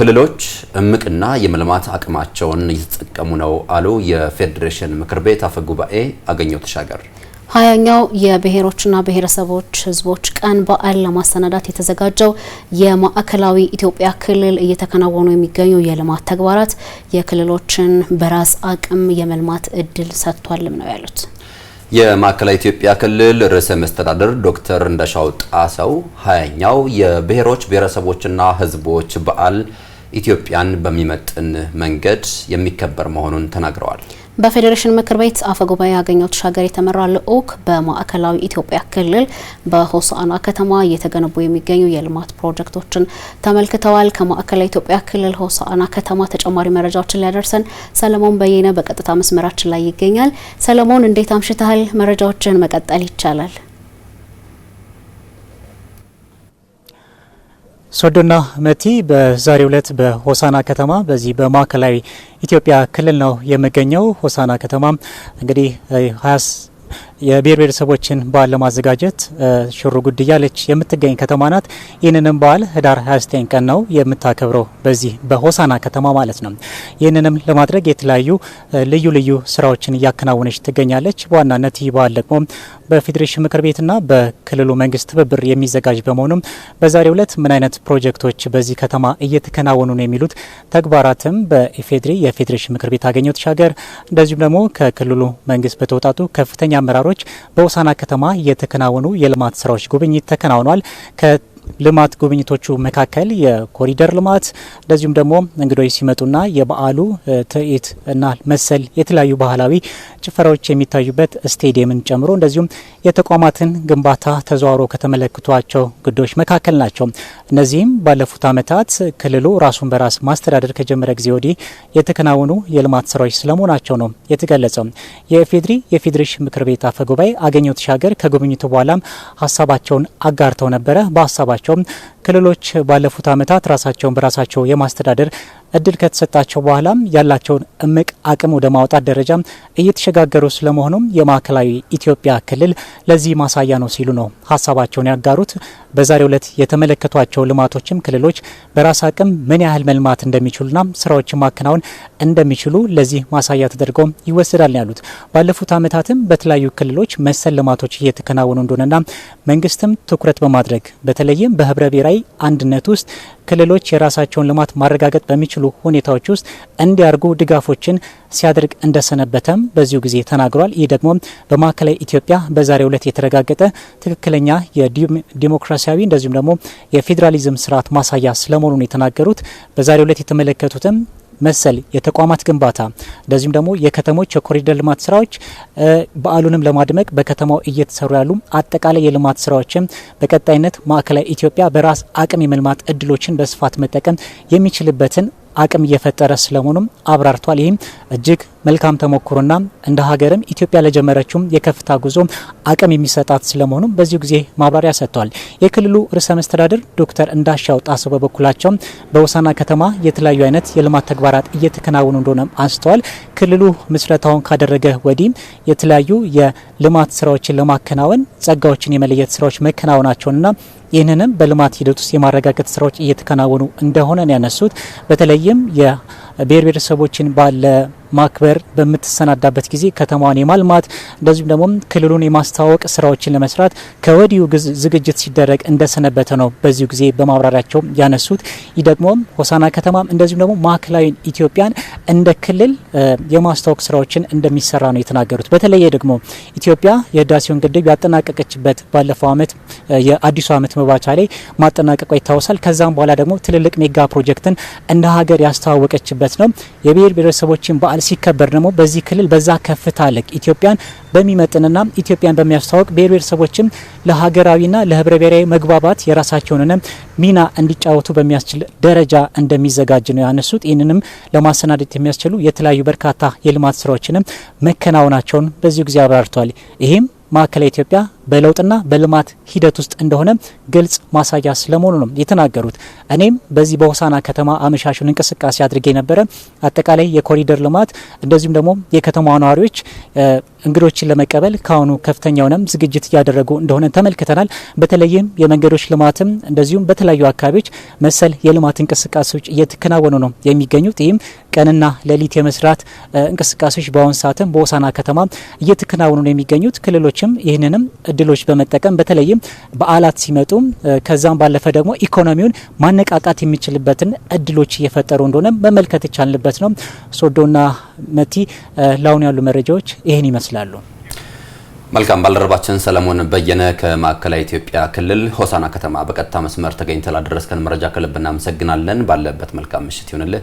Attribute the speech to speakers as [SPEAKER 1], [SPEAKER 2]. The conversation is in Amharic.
[SPEAKER 1] ክልሎች እምቅና የመልማት አቅማቸውን እየተጠቀሙ ነው አሉ የፌዴሬሽን ምክር ቤት አፈ ጉባኤ አገኘው ተሻገር።
[SPEAKER 2] ሀያኛው የብሔሮችና ብሔረሰቦች ህዝቦች ቀን በዓል ለማሰናዳት የተዘጋጀው የማዕከላዊ ኢትዮጵያ ክልል እየተከናወኑ የሚገኙ የልማት ተግባራት የክልሎችን በራስ አቅም የመልማት እድል ሰጥቷልም ነው ያሉት
[SPEAKER 1] የማዕከላዊ ኢትዮጵያ ክልል ርዕሰ መስተዳደር ዶክተር እንደሻው ጣሰው ሀያኛው የብሔሮች ብሔረሰቦችና ህዝቦች በዓል ኢትዮጵያን በሚመጥን መንገድ የሚከበር መሆኑን ተናግረዋል።
[SPEAKER 2] በፌዴሬሽን ምክር ቤት አፈ ጉባኤ አገኘሁ ተሻገር የተመራ ልዑክ በማዕከላዊ ኢትዮጵያ ክልል በሆሳዕና ከተማ እየተገነቡ የሚገኙ የልማት ፕሮጀክቶችን ተመልክተዋል። ከማዕከላዊ ኢትዮጵያ ክልል ሆሳዕና ከተማ ተጨማሪ መረጃዎችን ሊያደርሰን ሰለሞን በየነ በቀጥታ መስመራችን ላይ ይገኛል። ሰለሞን እንዴት አምሽተሃል? መረጃዎችን መቀጠል ይቻላል።
[SPEAKER 3] ሶዶና መቲ በዛሬው ዕለት በሆሳና ከተማ በዚህ በማዕከላዊ ኢትዮጵያ ክልል ነው የሚገኘው። ሆሳና ከተማ እንግዲህ የብሔር ብሔረሰቦችን በዓል ለማዘጋጀት ሽሩ ጉድ እያለች የምትገኝ ከተማ ናት። ይህንንም በዓል ህዳር 29 ቀን ነው የምታከብረው በዚህ በሆሳና ከተማ ማለት ነው። ይህንንም ለማድረግ የተለያዩ ልዩ ልዩ ስራዎችን እያከናወነች ትገኛለች። በዋናነት ይህ በዓል ደግሞ በፌዴሬሽን ምክር ቤትና በክልሉ መንግስት ትብብር የሚዘጋጅ በመሆኑም በዛሬው ዕለት ምን አይነት ፕሮጀክቶች በዚህ ከተማ እየተከናወኑ ነው የሚሉት ተግባራትም በኢፌድሪ የፌዴሬሽን ምክር ቤት አገኘው ተሻገር እንደዚሁም ደግሞ ከክልሉ መንግስት በተውጣጡ ከፍተኛ አመራሮች በውሳና ከተማ የተከናወኑ የልማት ስራዎች ጉብኝት ተከናውኗል። ልማት ጉብኝቶቹ መካከል የኮሪደር ልማት እንደዚሁም ደግሞ እንግዶች ሲመጡና የበዓሉ ትርኢት እና መሰል የተለያዩ ባህላዊ ጭፈራዎች የሚታዩበት ስቴዲየምን ጨምሮ እንደዚሁም የተቋማትን ግንባታ ተዘዋውሮ ከተመለክቷቸው ግዶች መካከል ናቸው። እነዚህም ባለፉት ዓመታት ክልሉ ራሱን በራስ ማስተዳደር ከጀመረ ጊዜ ወዲህ የተከናወኑ የልማት ስራዎች ስለመሆናቸው ነው የተገለጸው። የኢፌዴሪ የፌዴሬሽን ምክር ቤት አፈ ጉባኤ አገኘሁ ተሻገር ከጉብኝቱ በኋላም ሀሳባቸውን አጋርተው ነበረ። በሀሳባቸው ชม ክልሎች ባለፉት ዓመታት ራሳቸውን በራሳቸው የማስተዳደር እድል ከተሰጣቸው በኋላም ያላቸውን እምቅ አቅም ወደ ማውጣት ደረጃም እየተሸጋገሩ ስለመሆኑም የማዕከላዊ ኢትዮጵያ ክልል ለዚህ ማሳያ ነው ሲሉ ነው ሀሳባቸውን ያጋሩት። በዛሬው ዕለት የተመለከቷቸው ልማቶችም ክልሎች በራስ አቅም ምን ያህል መልማት እንደሚችሉና ስራዎችን ማከናወን እንደሚችሉ ለዚህ ማሳያ ተደርገው ይወሰዳል ያሉት ባለፉት ዓመታትም በተለያዩ ክልሎች መሰል ልማቶች እየተከናወኑ እንደሆነና መንግስትም ትኩረት በማድረግ በተለይም በህብረ ብሔራዊ አንድነት ውስጥ ክልሎች የራሳቸውን ልማት ማረጋገጥ በሚችሉ ሁኔታዎች ውስጥ እንዲያርጉ ድጋፎችን ሲያደርግ እንደሰነበተም በዚሁ ጊዜ ተናግሯል። ይህ ደግሞ በማዕከላዊ ኢትዮጵያ በዛሬው ዕለት የተረጋገጠ ትክክለኛ የዲሞክራሲያዊ እንደዚሁም ደግሞ የፌዴራሊዝም ስርዓት ማሳያ ስለመሆኑን የተናገሩት በዛሬው ዕለት የተመለከቱትም መሰል የተቋማት ግንባታ እንደዚሁም ደግሞ የከተሞች የኮሪደር ልማት ስራዎች በዓሉንም ለማድመቅ በከተማው እየተሰሩ ያሉ አጠቃላይ የልማት ስራዎችም በቀጣይነት ማዕከላዊ ኢትዮጵያ በራስ አቅም የመልማት እድሎችን በስፋት መጠቀም የሚችልበትን አቅም እየፈጠረ ስለመሆኑም አብራርቷል። ይህም እጅግ መልካም ተሞክሮና እንደ ሀገርም ኢትዮጵያ ለጀመረችውም የከፍታ ጉዞ አቅም የሚሰጣት ስለመሆኑም በዚሁ ጊዜ ማብራሪያ ሰጥተዋል። የክልሉ ርዕሰ መስተዳድር ዶክተር እንዳሻው ጣሰው በበኩላቸው በውሳና ከተማ የተለያዩ አይነት የልማት ተግባራት እየተከናወኑ እንደሆነ አንስተዋል። ክልሉ ምስረታውን ካደረገ ወዲህም የተለያዩ የልማት ስራዎችን ለማከናወን ጸጋዎችን የመለየት ስራዎች መከናወናቸውንና ይህንንም በልማት ሂደት ውስጥ የማረጋገጥ ስራዎች እየተከናወኑ እንደሆነ ያነሱት። በተለይም የብሔር ብሔረሰቦችን ባለ ማክበር በምትሰናዳበት ጊዜ ከተማዋን የማልማት እንደዚሁም ደግሞ ክልሉን የማስተዋወቅ ስራዎችን ለመስራት ከወዲሁ ዝግጅት ሲደረግ እንደሰነበተ ነው በዚሁ ጊዜ በማብራሪያቸው ያነሱት። ይህ ደግሞ ሆሳና ከተማ እንደዚሁም ደግሞ ማዕከላዊ ኢትዮጵያን እንደ ክልል የማስተዋወቅ ስራዎችን እንደሚሰራ ነው የተናገሩት። በተለየ ደግሞ ኢትዮጵያ የህዳሴውን ግድብ ያጠናቀቀችበት ባለፈው አመት የአዲሱ አመት መባቻ ላይ ማጠናቀቋ ይታወሳል። ከዛም በኋላ ደግሞ ትልልቅ ሜጋ ፕሮጀክትን እንደ ሀገር ያስተዋወቀችበት ነው። የብሔር ብሔረሰቦችን በ በዓል ሲከበር ደግሞ በዚህ ክልል በዛ ከፍታ ልክ ኢትዮጵያን በሚመጥንና ኢትዮጵያን በሚያስተዋውቅ ብሔረሰቦችም ለሀገራዊና ለህብረ ብሔራዊ መግባባት የራሳቸውንነ ሚና እንዲጫወቱ በሚያስችል ደረጃ እንደሚዘጋጅ ነው ያነሱት። ይህንንም ለማሰናደት የሚያስችሉ የተለያዩ በርካታ የልማት ስራዎችንም መከናወናቸውን በዚሁ ጊዜ አብራርተዋል። ይህም ማዕከላዊ ኢትዮጵያ በለውጥና በልማት ሂደት ውስጥ እንደሆነ ግልጽ ማሳያ ስለመሆኑ ነው የተናገሩት። እኔም በዚህ በሆሳና ከተማ አመሻሹን እንቅስቃሴ አድርጌ ነበረ። አጠቃላይ የኮሪደር ልማት እንደዚሁም ደግሞ የከተማ ነዋሪዎች እንግዶችን ለመቀበል ከአሁኑ ከፍተኛውንም ዝግጅት እያደረጉ እንደሆነ ተመልክተናል። በተለይም የመንገዶች ልማትም እንደዚሁም በተለያዩ አካባቢዎች መሰል የልማት እንቅስቃሴዎች እየተከናወኑ ነው የሚገኙት። ይህም ቀንና ሌሊት የመስራት እንቅስቃሴዎች በአሁኑ ሰዓትም በሆሳና ከተማ እየተከናወኑ ነው የሚገኙት። ክልሎችም ይህንንም እድሎች በመጠቀም በተለይም በዓላት ሲመጡ ከዛም ባለፈ ደግሞ ኢኮኖሚውን ማነቃቃት የሚችልበትን እድሎች እየፈጠሩ እንደሆነ መመልከት ይቻልንበት ነው። ሶዶና መቲ ላሁን ያሉ መረጃዎች ይህን ይመስላሉ።
[SPEAKER 1] መልካም ባልደረባችን ሰለሞን በየነ ከማዕከላዊ ኢትዮጵያ ክልል ሆሳና ከተማ በቀጥታ መስመር ተገኝተህ ላደረስከን መረጃ ከልብ እናመሰግናለን። ባለበት መልካም ምሽት ይሁንልህ።